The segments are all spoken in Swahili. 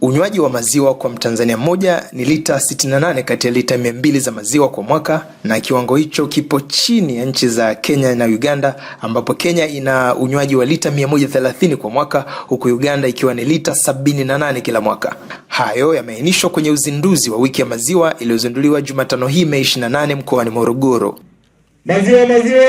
Unywaji wa maziwa kwa Mtanzania mmoja ni lita 68 kati ya lita 200 za maziwa kwa mwaka, na kiwango hicho kipo chini ya nchi za Kenya na Uganda, ambapo Kenya ina unywaji wa lita 130 kwa mwaka, huku Uganda ikiwa ni lita 78 kila mwaka. Hayo yameainishwa kwenye uzinduzi wa wiki ya maziwa iliyozinduliwa Jumatano hii Mei 28 mkoani Morogoro. Maziwa, maziwa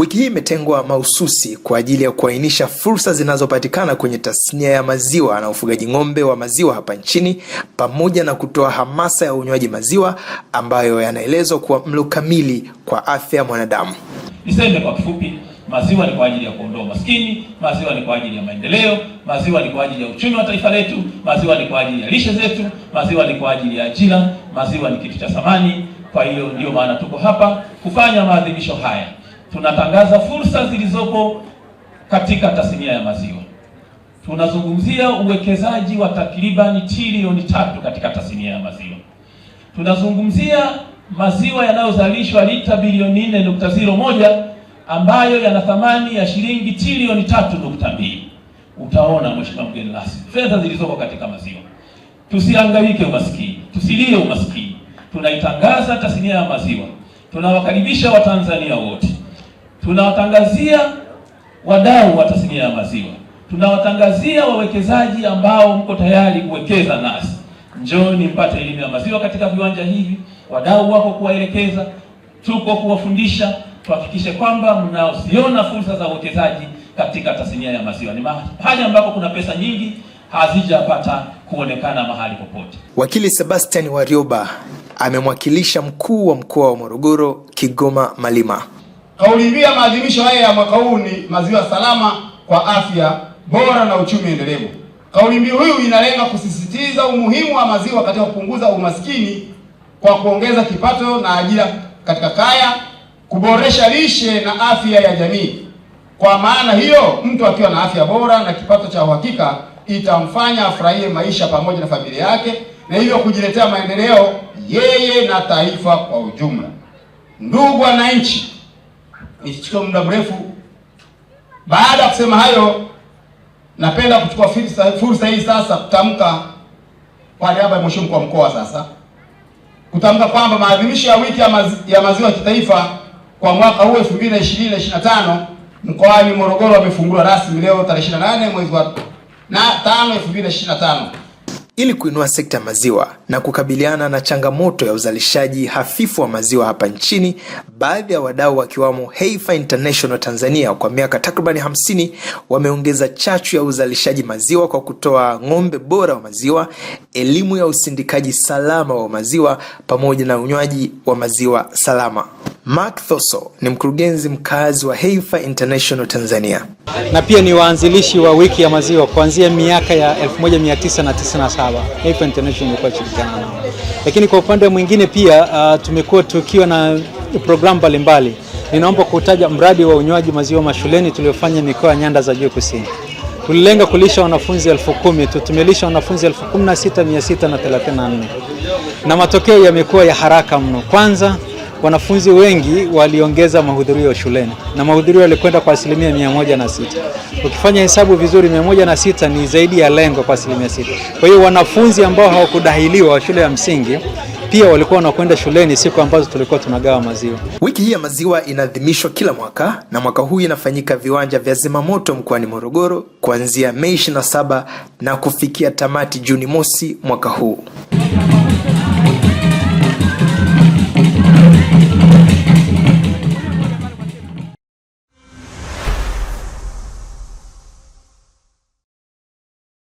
Wiki hii imetengwa mahususi kwa ajili ya kuainisha fursa zinazopatikana kwenye tasnia ya maziwa na ufugaji ng'ombe wa maziwa hapa nchini pamoja na kutoa hamasa ya unywaji maziwa ambayo yanaelezwa kuwa mlo kamili kwa afya ya mwanadamu. Niseme kwa kifupi, maziwa ni kwa ajili ya kuondoa maskini, maziwa ni kwa ajili ya maendeleo, maziwa ni kwa ajili ya uchumi wa taifa letu, maziwa ni kwa ajili ya lishe zetu, maziwa ni kwa ajili ya ajira, maziwa ni kitu cha thamani. Kwa hiyo ndio maana tuko hapa kufanya maadhimisho haya tunatangaza fursa zilizopo katika tasnia ya maziwa. Tunazungumzia uwekezaji wa takribani trilioni tatu katika tasnia ya maziwa. Tunazungumzia maziwa yanayozalishwa lita bilioni moja ambayo yana thamani ya shilingi trilioni mbili. Utaona mheshimiwa mgeni rasmi, fedha zilizoko katika maziwa. Tusihangaike umaskini, tusilie umaskini. Tunaitangaza tasnia ya maziwa, tunawakaribisha Watanzania wote tunawatangazia wadau wa tasnia ya maziwa, tunawatangazia wawekezaji ambao mko tayari kuwekeza nasi, njoni mpate elimu ya maziwa katika viwanja hivi. Wadau wako kuwaelekeza, tuko kuwafundisha, tuhakikishe kwamba mnaziona fursa za uwekezaji katika tasnia ya maziwa. Ni mahali ambapo kuna pesa nyingi hazijapata kuonekana mahali popote. Wakili Sebastian Warioba amemwakilisha mkuu wa mkoa wa Morogoro Kigoma Malima. Kauli mbiu ya maadhimisho haya ya mwaka huu ni maziwa salama kwa afya bora na uchumi endelevu. Kauli mbiu hii inalenga kusisitiza umuhimu wa maziwa katika kupunguza umaskini kwa kuongeza kipato na ajira katika kaya, kuboresha lishe na afya ya jamii. Kwa maana hiyo, mtu akiwa na afya bora na kipato cha uhakika itamfanya afurahie maisha pamoja na familia yake na hivyo kujiletea maendeleo yeye na taifa kwa ujumla. Ndugu wananchi, nilichukua muda mrefu. Baada ya kusema hayo, napenda kuchukua fursa, fursa hii sasa kutamka kwa niaba ya mheshimiwa mkuu wa mkoa sasa kutamka kwamba maadhimisho ya wiki ya, maz, ya maziwa kitaifa kwa mwaka huu 2020-2025 mkoani Morogoro wamefungua rasmi leo tarehe 28 mwezi wa 5 2025 ili kuinua sekta ya maziwa na kukabiliana na changamoto ya uzalishaji hafifu wa maziwa hapa nchini, baadhi ya wadau wakiwamo Heifer International Tanzania kwa miaka takriban hamsini wameongeza chachu ya uzalishaji maziwa kwa kutoa ng'ombe bora wa maziwa, elimu ya usindikaji salama wa maziwa pamoja na unywaji wa maziwa salama. Mark Thoso ni mkurugenzi mkazi wa Heifer International Tanzania na pia ni waanzilishi wa wiki ya maziwa kuanzia miaka ya 1997. Heifer International imekuwa ikishirikiana nao, lakini kwa upande mwingine pia uh, tumekuwa tukiwa na programu mbalimbali. Ninaomba kutaja mradi wa unywaji maziwa mashuleni tuliofanya mikoa ya Nyanda za Juu Kusini. Tulilenga kulisha wanafunzi elfu kumi tu, tumelisha wanafunzi elfu kumi na sita mia sita na thelathini na nne na matokeo yamekuwa ya haraka mno. Kwanza wanafunzi wengi waliongeza mahudhurio shuleni na mahudhurio yalikwenda kwa asilimia mia moja na sita. Ukifanya hesabu vizuri, mia moja na sita ni zaidi ya lengo kwa asilimia sita. Kwa hiyo wanafunzi ambao hawakudahiliwa wa shule ya msingi pia walikuwa wanakwenda shuleni siku ambazo tulikuwa tunagawa maziwa. Wiki hii ya maziwa inaadhimishwa kila mwaka na mwaka huu inafanyika viwanja vya zimamoto mkoani Morogoro kuanzia Mei 27 na kufikia tamati Juni mosi mwaka huu.